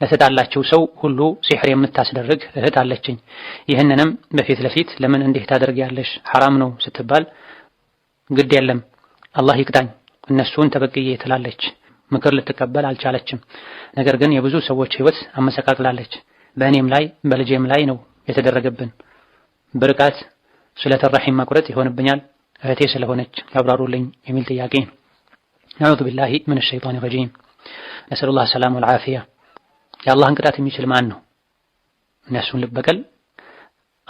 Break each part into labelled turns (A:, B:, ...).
A: ለተጣላችው ሰው ሁሉ ሲሕር የምታስደርግ እህት አለችኝ። ይህንንም በፊት ለፊት ለምን እንዲህ ታደርጊያለሽ ሐራም ነው ስትባል ግድ የለም አላህ ይቅጣኝ እነሱን ተበቅዬ ትላለች። ምክር ልትቀበል አልቻለችም። ነገር ግን የብዙ ሰዎች ሕይወት አመሰቃቅላለች። በእኔም ላይ በልጄም ላይ ነው የተደረገብን። ብርቃት ስለተራሒም መቁረጥ ይሆንብኛል እህቴ ስለሆነች ያብራሩልኝ የሚል ጥያቄ ነው። ነዑዙ ቢላሂ ምን ሸይጣን ረጂም ነስአሉላህ ሰላም ወልዓፊያ የአላህን ቅጣት የሚችል ማን ነው? እነሱን ልበቀል፣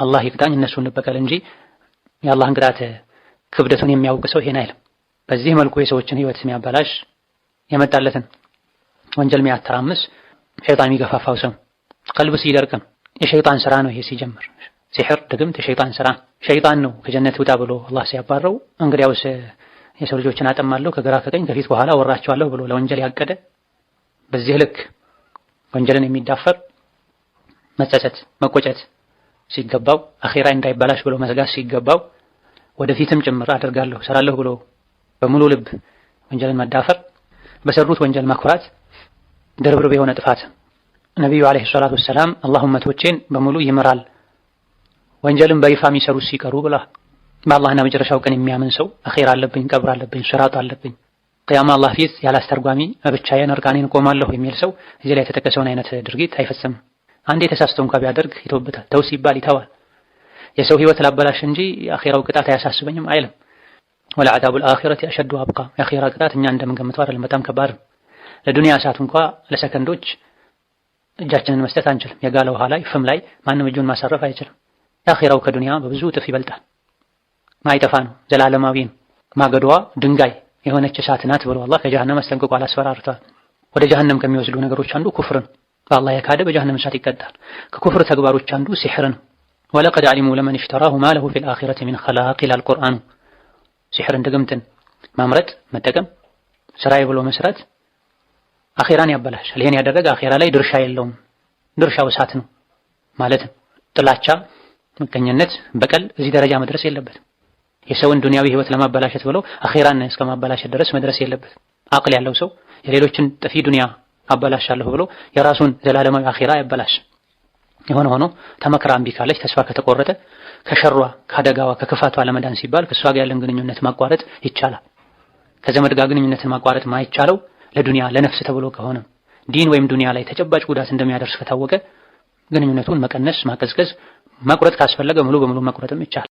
A: አላህ ይቅጣኝ፣ እነሱን ልበቀል እንጂ የአላህን ቅጣት ክብደቱን የሚያውቅ ሰው ይሄን አይልም። በዚህ መልኩ የሰዎችን ህይወት የሚያበላሽ የመጣለትን ወንጀል የሚያተራምስ ሸይጣን የሚገፋፋው ሰው ቀልብ ሲደርቅም የሸይጣን ስራ ነው። ይሄ ሲጀምር ሲሕር ድግምት የሸይጣን ስራ ሸይጣን ነው ከጀነት ውጣ ብሎ አላህ ሲያባረው እንግዲያውስ የሰው ልጆችን አጠማለሁ ከግራ ከቀኝ ከፊት በኋላ ወራቸዋለሁ ብሎ ለወንጀል ያቀደ በዚህ ልክ ወንጀልን የሚዳፈር መጸጸት፣ መቆጨት ሲገባው አኼራ እንዳይበላሽ ብሎ መስጋት ሲገባው ወደፊትም ጭምር አደርጋለሁ ሰራለሁ ብሎ በሙሉ ልብ ወንጀልን መዳፈር፣ በሰሩት ወንጀል መኩራት ድርብርብ የሆነ ጥፋት። ነቢዩ አለይሂ ሰላቱ ወሰላም አላህ እመቶቼን በሙሉ ይምራል ወንጀልን በይፋ የሚሰሩት ሲቀሩ ብላ በአላህና መጨረሻው ቀን የሚያምን ሰው አኼራ አለብኝ፣ ቀብር አለብኝ፣ ስራጥ አለብኝ ቅያማ አላህ ፊት ያላስተርጓሚ ብቻዬን እርቃኔን ቆማለሁ የሚል ሰው እዚህ ላይ የተጠቀሰውን አይነት ድርጊት አይፈጽምም። አንዴ የተሳስቶ እንኳ ቢያደርግ ይተውበታል። ተውስ ይባል ይተዋል። የሰው ህይወት ላበላሽ እንጂ የአኼራው ቅጣት አያሳስበኝም አይልም። ወለዐዛቡል አኺረት አሸዱ አብቃ፣ የአኼራ ቅጣት እኛ እንደምንገምተው አይደለም፣ በጣም ከባድ ነው። ለዱንያ እሳት እንኳ ለሰከንዶች እጃችንን መስጠት አንችልም። የጋለ ውሃ ላይ ፍም ላይ ማንም እጁን ማሳረፍ አይችልም። የአኼራው ከዱንያ በብዙ እጥፍ ይበልጣል። ማይጠፋ ነው፣ ዘላለማዊ ነው። ማገዷ ድንጋይ የሆነች እሳት ናት ብሎ አላህ ከጀሃነም አስጠንቅቋል፣ አስፈራርቷል። ወደ ጀሃነም ከሚወስዱ ነገሮች አንዱ ኩፍር ነው። በአላህ የካደ በጀሃነም እሳት ይቀጣል። ከኩፍር ተግባሮች አንዱ ሲሕር ነው። ወለቀድ ዓሊሙ ለመን እሽተራሁ ማለሁ ፊል አኺረቲ ሚን ኸላቅ ይላል ቁርአኑ። ሲሕርን ድግምትን ማምረጥ መጠቀም ስራዬ ብሎ መስራት አኼራን ያበላሻል። ይሄን ያደረገ አኼራ ላይ ድርሻ የለውም፣ ድርሻው እሳት ነው ማለት ነው። ጥላቻ፣ ምቀኝነት፣ በቀል እዚህ ደረጃ መድረስ የለበትም። የሰውን ዱንያዊ ህይወት ለማበላሸት ብለው አኼራን እስከ ማበላሸት ድረስ መድረስ የለበትም። አቅል ያለው ሰው የሌሎችን ጥፊ ዱንያ አበላሻለሁ ብሎ የራሱን ዘላለማዊ አኼራ ያበላሽ። የሆነ ሆኖ ተመክራ እምቢ ካለች፣ ተስፋ ከተቆረጠ ከሸሯ ከአደጋዋ ከክፋቷ ለመዳን ሲባል ከእሷ ጋር ያለን ግንኙነት ማቋረጥ ይቻላል። ከዘመድ ጋር ግንኙነትን ማቋረጥ ማይቻለው ለዱንያ ለነፍስ ተብሎ ከሆነ ዲን ወይም ዱንያ ላይ ተጨባጭ ጉዳት እንደሚያደርስ ከታወቀ ግንኙነቱን መቀነስ፣ ማቀዝቀዝ፣ መቁረጥ ካስፈለገ ሙሉ በሙሉ መቁረጥም ይቻላል።